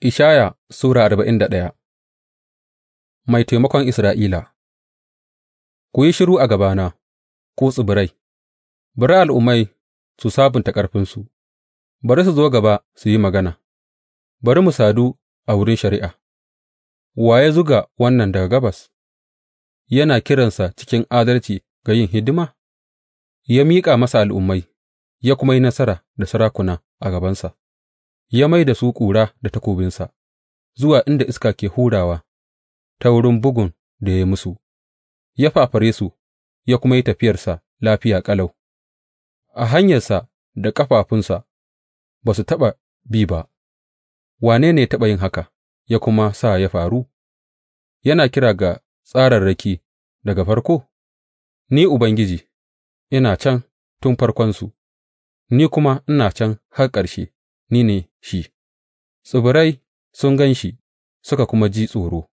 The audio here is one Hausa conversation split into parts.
Ishaya Sura arba'in da ɗaya. Mai taimakon Isra'ila Ku yi shiru a gabana, ku tsibirai, bari al'ummai su sabunta ƙarfinsu, bari su zo gaba su yi magana, bari mu sadu a wurin shari'a, wa ya zuga wannan daga gabas, yana kiransa cikin adalci ga yin hidima, ya miƙa masa al'ummai, ya kuma yi nasara da sarakuna a gabansa. ya mai da su ƙura da takobinsa zuwa inda iska ke hurawa ta wurin bugun da ya yi musu, ya fafare su ya kuma yi tafiyarsa lafiya ƙalau, a hanyarsa da ƙafafunsa ba su taɓa bi ba, wane ne ya taɓa yin haka ya kuma sa ya faru, yana kira ga tsararraki daga farko? Ni Ubangiji, ina can tun farkonsu, ni kuma ina can har ƙarshe. ni ne shi, tsibirai sun gan shi suka kuma ji tsoro,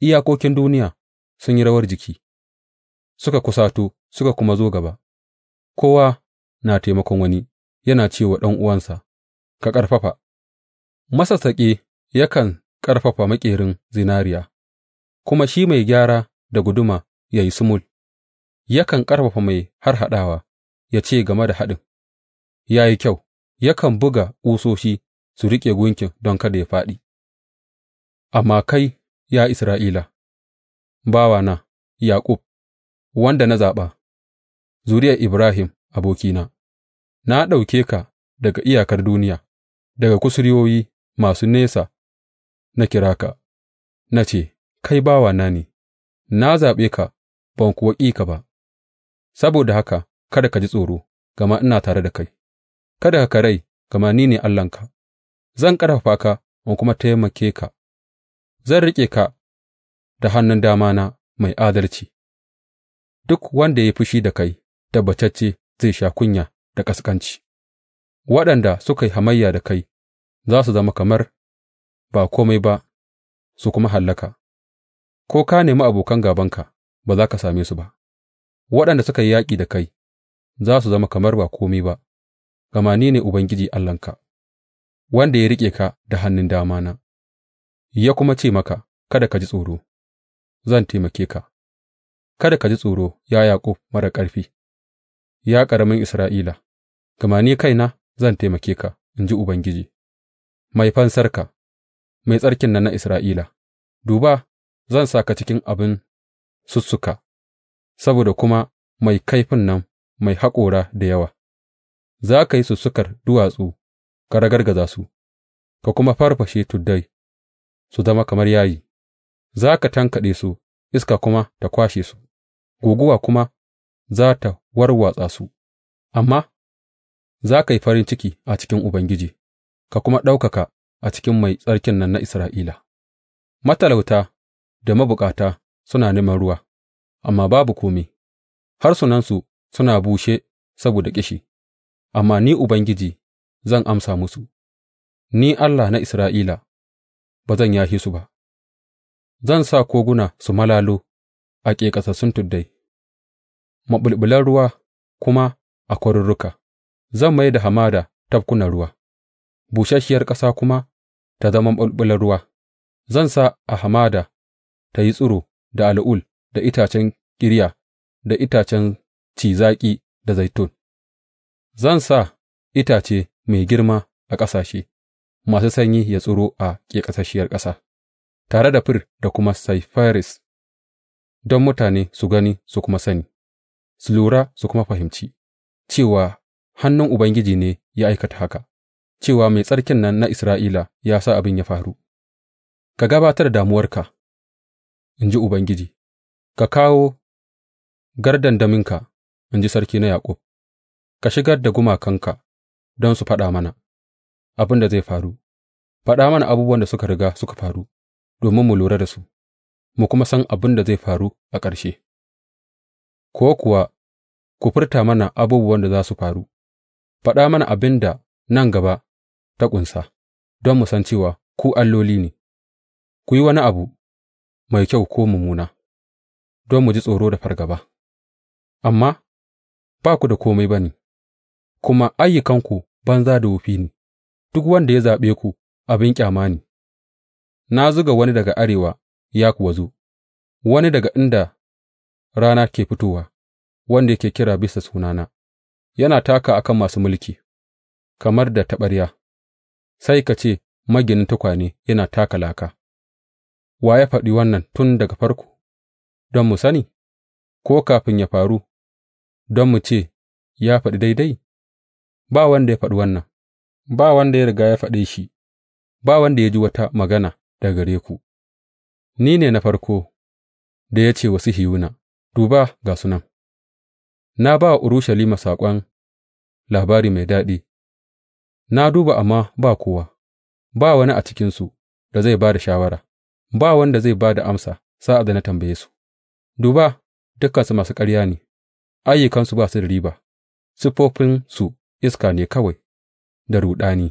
iyakokin duniya sun yi rawar jiki, suka kusato suka kuma zo gaba, kowa na taimakon wani, yana ce wa ɗan'uwansa, Ka ƙarfafa, masassaƙi yakan ƙarfafa maƙerin zinariya, kuma shi mai gyara da guduma ya yi sumul, yakan ƙarfafa mai harhaɗawa ya ce game da haɗin, Ya yi kyau. yakan buga ƙusoshi su riƙe gunkin don kada ya fāɗi, amma kai, ya Isra'ila, bawana, Yaƙub, wanda na zaɓa, zuriyar Ibrahim abokina, na ɗauke ka daga iyakar duniya, daga kusurwoyi masu nesa na kira ka, na ce, Kai bawana ne, na zaɓe ka ban kuwa ƙi ka ba, saboda haka kada ka ji tsoro, gama ina tare da kai. Kada ka karai, gama ni ne Allahnka; zan ƙarfafa ka in kuma taimake ka, zan riƙe ka da hannun damana mai adalci, duk wanda ya yi fushi da kai tabbatacce zai sha kunya da ƙasƙanci; waɗanda suka yi hamayya da kai za su zama kamar ba kome ba su kuma hallaka, ko ka nemi abokan gābanka, ba za ka same su ba; waɗanda suka yi yaƙi da kai za su zama kamar ba kome ba. gama ni ne Ubangiji Allahnka, wanda ya riƙe ka da hannun damana ya kuma ce maka, Kada ka ji tsoro, zan taimake ka; kada ka ji tsoro, ya Yaƙub mara ƙarfi, ya ƙaramin Isra'ila, gama ni kaina zan taimake ka, in ji Ubangiji, Mai fansarka, Mai tsarkin nan na Isra'ila. Duba, zan sa ka cikin abin sussuka, saboda kuma mai kaifin nan mai haƙora da yawa. za ka yi sussukar duwatsu ka ragargaza su, ka kuma farfashe tuddai su zama kamar yayi, za ka tankaɗe su, iska kuma ta kwashe su, guguwa kuma za ta warwatsa su, amma za ka yi farin ciki a cikin Ubangiji, ka kuma ɗaukaka a cikin Mai Tsarkin nan na Isra'ila. Matalauta da mabukata suna neman ruwa, amma babu kome, harsunansu suna bushe saboda ƙishi. Amma Ni Ubangiji zan amsa musu, Ni Allah na Isra'ila, ba zan yashe su ba; zan sa koguna su malalo a ƙeƙasassun tuddai, maɓulɓulan ruwa kuma a kwaruruka; zan mai da hamada tafkunan ruwa, busasshiyar ƙasa kuma ta zama maɓulɓular ruwa; zan sa a hamada ta yi tsiro da al'ul da itacen ƙirya da itacen ci da zaitun. Zan sa itace mai girma a ƙasashe, masu sanyi ya tsiro a ƙeƙasasshiyar ƙasa, tare da fir da kuma saifires, don mutane su gani su kuma sani, su lura su kuma fahimci, cewa hannun Ubangiji ne ya aikata haka, cewa Mai Tsarkin nan na Isra'ila ya sa abin ya faru. Ka gabatar da damuwarka, in ji Ubangiji, ka kawo gardandaminka, in ji Sarki na Yaƙub. Ka shigar da gumakanka don su faɗa mana abin da zai faru; faɗa mana abubuwan da suka riga suka faru, domin mu lura da su mu kuma san abin da zai faru a ƙarshe, ko kuwa ku furta mana abubuwan da za su faru; faɗa mana abin da nan gaba ta ƙunsa, don mu san cewa ku alloli ne; ku yi wani abu mai kyau ko mummuna, don mu ji tsoro da fargaba, amma ba ku da komai ba ne. kuma ayyukanku banza da wofi ne; duk wanda ya zaɓe ku abin ƙyama ne, na zuga wani daga arewa ya kuwa zo, wani daga inda rana ke fitowa, wanda yake kira bisa sunana, yana taka a kan masu mulki kamar da taɓarya, sai ka ce maginin tukwane yana taka laka. Wa ya faɗi wannan tun daga farko, don mu sani, ko kafin ya faru, don mu ce, Ya faɗi daidai? Ba wanda ya faɗi wannan, ba wanda ya riga ya faɗe shi, ba wanda ya ji wata magana daga gare ku; ni ne na farko da ya ce wa Sihiyuna, Duba, ga su nan; na ba wa Urushalima saƙon labari mai daɗi, na duba amma ba kowa, ba wani a cikinsu da zai ba da shawara, ba wanda zai ba da amsa sa'ad da na tambaye su; Duba, dukansu masu ƙarya ne, ayyukansu ba su da riba, su. iska ne kawai da ruɗami.